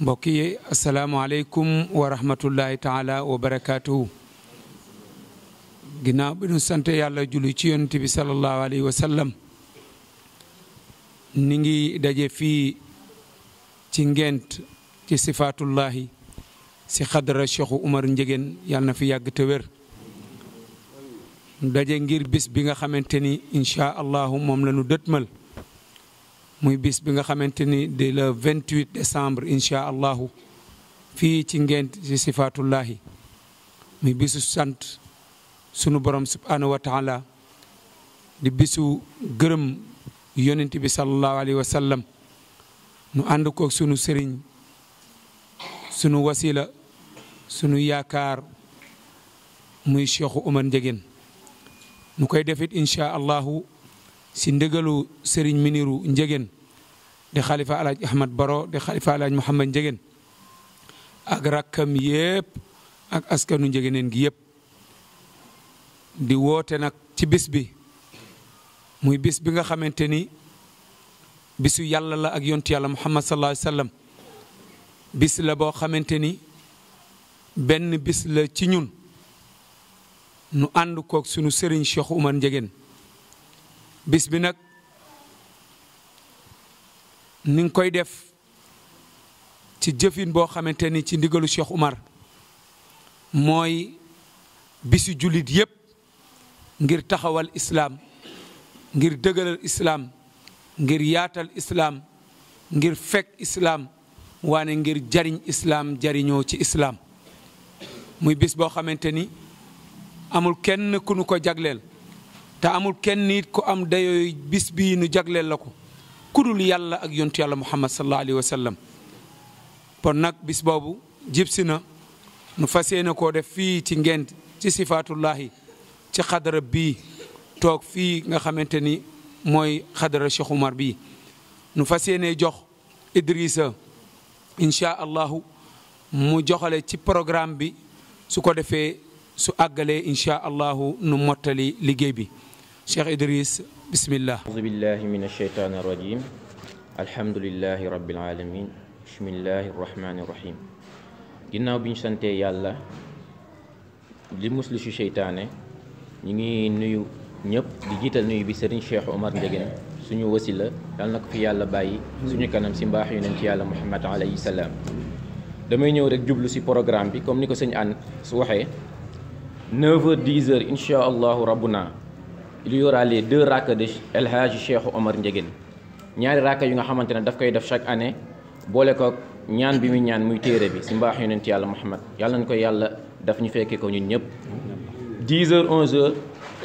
mbokk yi asalaamaaleykum wa rahmatullahi taala wa barakaatuhu ginnaaw bi nu sant yàlla julli ci yonent bi salallahu alayhi wa sallam ni ngi daje fii ci ngent ci sifaatullahi si xadara cheikhu Umar Njëgeen yàlla na fi yàgg te wér daje ngir bis bi nga xamante ni incha allahu moom la nu dëtmal muy bis bi nga xamante ni di le 28 décembre incha fii ci ngent ci sifaatullahi muy bisu sant sunu borom subhanahu wa taala di bisu gërëm yonent bi sallallahu alayhi wa sallam nu ànd koog sunu sëriñ sunu wasila sunu yaakaar muy cheikhu Omar Ndiéguène nu koy defit incha allahu si ndëgalu sëriñ miniru Ndiéguène di xalifa alaaj ahmad baro di xalifa alaaj muhammad njegéen ak rakkam yépp ak askanu njegéneen gi yépp di woote nag ci bis bi muy bis bi nga xamante ni bisu yàlla la ak yontu yàlla muhammad sallallahu alayhi wasallam bis la boo xamante ni benn bis la ci ñun nu ànd koog sunu sëriñ Cheikh Oumar Ndiéguène bis nag ni nga koy def ci jëfin boo xamante ni ci ndigalu Cheikh Umar mooy bisu jullit yépp ngir taxawal islaam ngir dëgëral islaam ngir yaatal islaam ngir fekk islaam waane ngir jariñ islaam jariñoo ci islaam muy bis boo xamante ni amul kenn ku nu ko jagleel te amul kenn nit ku am dayooy bis bi nu jagleel la ko kudul yàlla ak yontu yàlla muhammad sallallahu alayhi wa sallam kon nag bis boobu jib si na nu fas yéene def fii ci ngent ci sifaatullahi ci xadara bii toog fii nga xamante ni mooy xadara Cheikh Oumar bii nu fas yéene jox Idrissa incha allahu mu joxale ci programme bi su ko defee su àggalee incha allahu nu mottali liggéey bi Cheikh Idriss bismillah auzu billahi min alsheytaani arrajim alhamdulilahi rabbil alamin bi ñu santee yàlla li muslu si seytaane ñu ngi nuyu ñëpp di jiital nuyu bi sëriñ Cheikh Omar Ndiéguène suñu wasila yàlla na ko fi yàlla bàyyi suñu kanam si mbaax yonent ci yàlla muhammad alayhi damay ñëw rek jublu si programme bi comme ni ko sëñ an su waxee 9 heures 10 heures rabbuna il y de les deux raaka de El Hadji Omar Ndiéguène ñaari raaka yu nga xamante ne daf koy def chaque année boole ko ñaan bi muy ñaan muy téere bi si mbaax yonent yàlla Muhammad yàlla na ko yàlla daf ñu fekkee ko ñun ñëpp. 10 heures 11 heures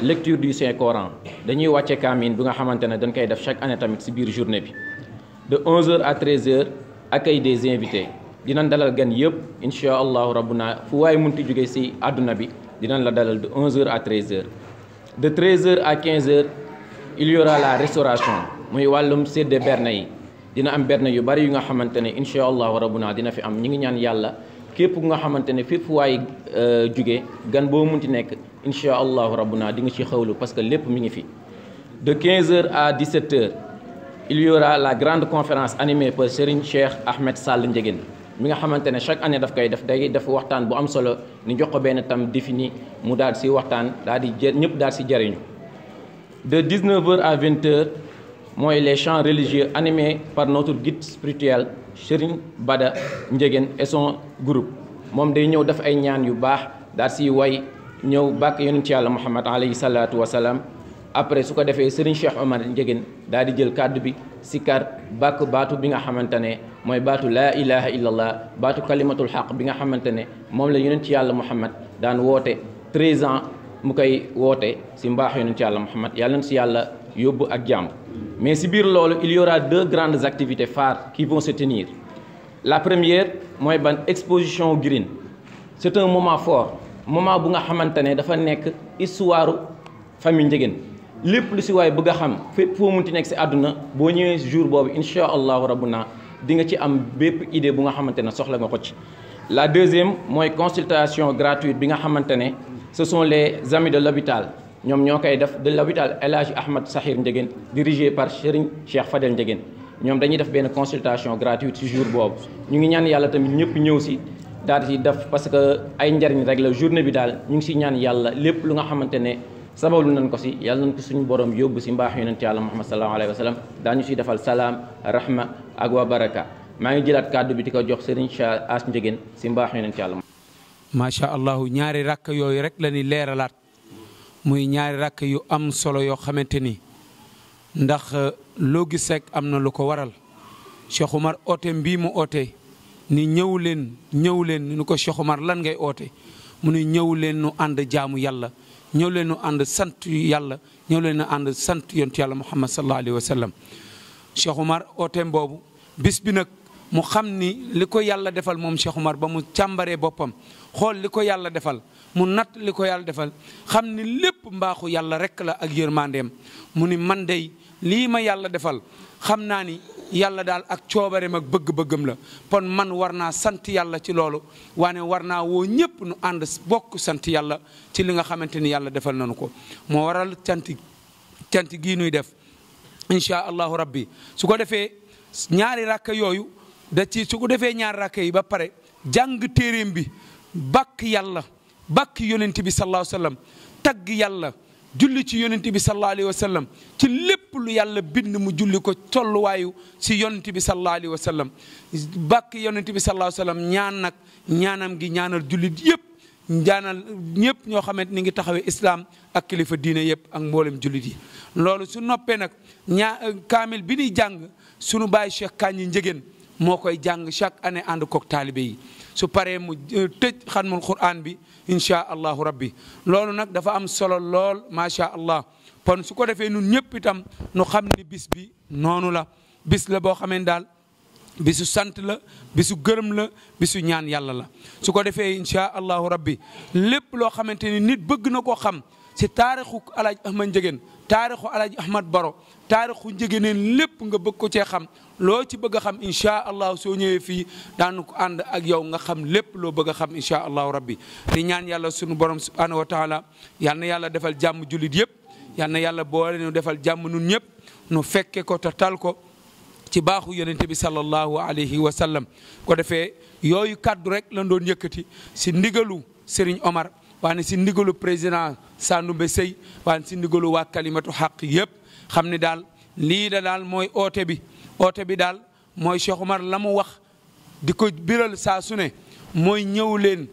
lecture du Saint Coran dañuy wàcce kaamine bi nga xamante ne dañ koy def chaque année tamit si biir journée bi de 11 heures à 13 heures accueil des invités dinañ dalal gan yëpp incha allahu rabbuna fu waay munti jóge si àdduna bi dinañ la dalal de 11 heures à 13 de 13h à 15h la restauration muy wàllum sédde berna yi dina am berne yu bari yu nga xamante ne incha allahu rabbuna dina fi am ñi ngi ñaan yàlla képp ku nga xamante ne fépp waaye waay euh, jóge gan boo munti nekk incha allahu rabbuna di nga ci xawlu parce que lépp mu ngi fi de 15h à 17h il y la grande conférence animée par Serigne Cheikh Ahmed Sall Ndiéguène mi nga xamante ne chaque année dafa koy def day def waxtaan bu am solo ni jox ko benn tam défini mu daal si waxtaan daal di jë ñëpp daal si jëriñu. de 19h à 20h mooy les chant religieux animés par notre guide spirituel Serigne Bada Ndiéguène et son groupe moom day ñëw def ay ñaan yu baax daal si way ñëw bàkk yonent ci yàlla Muhammad alayhi salaatu wa après su ko defee Serigne Cheikh Omar njegen daal di jël kàddu bi si kar bàkk baatu bi nga xamante ne. mooy baatu laa ilaha illallah baatu kalimatul xaq bi nga xamante ne moom la ci yàlla muhammad daan woote 13 ans mu koy woote si mbaax ci yàlla muhammad yàlla na si yàlla yóbbu ak jàmm mais si biir loolu il y deux grandes activités phares qui vont se tenir la première mooy ban exposition green c'est un moment fort moment bu nga xamante ne dafa nekk histoire famille Ndiéguène lépp lu si waay bëgg a xam fépp foo munti nekk si àdduna boo ñëwee jour boobu incha allahu rabbuna di nga ci am bépp idée bu nga xamante ne soxla nga ko ci la deuxième mooy consultation gratuite bi nga xamante ne ce sont les amis de l'hôpital ñoom ñoo koy def de l'hôpital El Hadj Ahmad Sahir Ndiéguène dirigé par Serigne Cheikh Fadel Ndiéguène ñoom dañuy def benn consultation gratuite ci jour boobu ñu ngi ñaan yàlla tamit ñëpp ñëw si daal di def parce que ay njariñ rek la journée bi daal ñu ngi si ñaan yàlla lépp lu nga xamante ne sabalu nañ ko si yàlla nañ suñu borom yóbbu si mbaax yonent yàlla Muhammad sallallahu alayhi wa sallam daañu si defal salaam rahma ak waa baraka maa ngi jëlaat kàddu bi di ko jox sëriñ Cheikh As Ndiéguène si mbaax yonent yàlla macha allah ñaari rakk yooyu rek la ñuy leeralaat muy ñaari rakk yu am solo yoo xamante ni ndax euh, loo gis am na lu ko waral Cheikh Omar oote mbii mu oote ni ñëw leen ñëw leen ni ko Cheikh Omar lan ngay ootee mu ni ñëw leen nu ànd jaamu yàlla ñëw leen nu ànd sant yàlla ñëw leen nu ànd sant yoon yontu yàlla muhammad sallallahu alayhi wa sallam Cheikh bis bi nag mu xam ni li ko yàlla defal moom Cheikh Umar ba mu càmbaree boppam xool li ko yàlla defal mu nat li ko yàlla defal xam ni lépp mbaaxu yàlla rek la ak yërmandeem mu ni man dey lii ma yàlla defal xam naa ni yàlla daal ak coobareem mag bëgg-bëggam la kon man war naa sant yàlla ci loolu waane war naa woo ñëpp nu ànd bokk sant yàlla ci li nga xamante ni yàlla defal nañu ko moo waral cant cant gii nuy def incha allahu rabbi su ko defee ñaari rakk yooyu da ci su ko defee ñaari rakk yi ba pare jàng téeréem bi bàkk yàlla bàkk yonent bi sallallahu alayhi wa sallam yàlla julli ci yonent bi sallallahu alayhi ci lépp lu yàlla bind mu julli ko tolluwaayu si yonent bi sallallahu alayhi wa sallam bàkk yonent bi nag ñaanam gi ñaanal jullit yëpp ñaanal ñëpp ñoo xamante ni ngi taxawee islam ak kilifa diine yëpp ak mboolem julli yi loolu su noppee nag kaamil bi jàng sunu baay Cheikh Kàññi Njëgéen moo koy jàng chaque année ànd kook taalibe yi su paree mu euh, tëj xatmul Qur'an bi incha allahu rabbi loolu nag dafa am solo lool macha allah kon su ko defee nun ñëpp itam nu xam ni bis bi noonu la bis la boo xamee daal bisu sant la bisu gërëm la bisu ñaan yàlla la su ko defee incha allahu rabbi lépp loo xamante ni nit bëgg na koo xam. si taarixu alaaj ahmad njegéen taarixu alaaj ahmad baro taarixu njegéneen lépp nga bëgg ko cee xam loo ci bëgg a xam inchaa allah soo ñëwee fii daanu ko ànd ak yow nga xam lépp loo bëgg a xam inchaa allah rabbi di ñaan yàlla sunu borom subhanahu wa taala yàlla defal jàmm julit yëpp yal na yàlla boole nu defal jàmm nun ñëpp nu fekke ko te tal ko ci baaxu yonente bi sallallahu alayhi wa sallam ko defee yooyu kàddu rek la doon yëkkati si ndigalu Serigne waane si ndigalu président Sandoumbe Sey waane sindigalu ndigalu waa kalimatu xaq yëpp xam ne daal lii da daal mooy oote bi oote bi daal mooy Cheikh Omar la mu wax di ko biral saa su ne mooy ñëw leen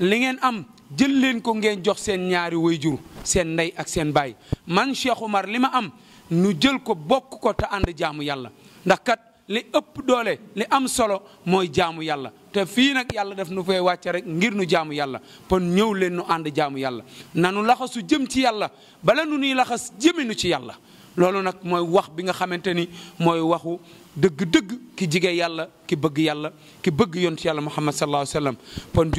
li ngeen am jël leen ko ngeen jox seen ñaari wayjur seen ndey ak seen baay man Cheikh Omar li ma am nu jël ko bokk ko te ànd jaamu yàlla ndax kat li ëpp doole li am solo mooy jaamu yàlla te fii nag yàlla def nu fay wàcce rek ngir nu jaamu yàlla kon ñëw leen nu ànd jaamu yàlla nanu laxasu jëm ci yàlla bala nu nuy laxas jëminu ci yàlla loolu nag mooy wax bi nga xamante ni mooy waxu dëgg-dëgg ki jige yàlla ki bëgg yàlla ki bëgg yoon ci yàlla muhammad sallallahu alayhi wa sallam kon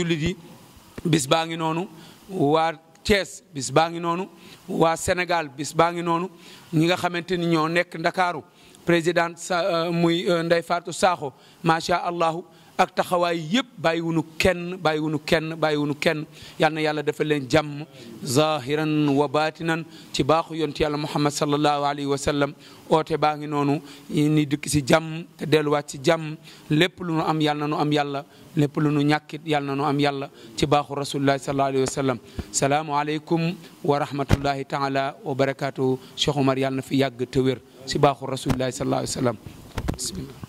bis baa ngi noonu waa Thiès bis baa ngi noonu waa Sénégal bis baa ngi noonu ñi nga xamante ni ñoo nekk Ndakaaru présidente sa euh, muy euh, Ndeye Fatou Sakho macha allah ak taxawaay yëpp bàyyiwunu kenn bàyyiwunu kenn bàyyiwunu kenn yal na yàlla dafa leen jàmm zahiran wa batinan ci baaxu yonti yàlla muhammad sallallahu alayhi wa sallam oote baa ngi noonu ni dikk si jàmm te delluwaat si jàmm lépp lu nu am yal nu am yàlla lépp lu nu ñàkkit yal na nu am yàlla ci baaxu rasulillahi sallallahu alayhi wa sallam salaamu aleykum wa rahmatullahi taala wa barakaatu Cheikh Omar yàlla fi yàgg te si baaxu rasulillahi sallallahu alayhi wa sallam bismillah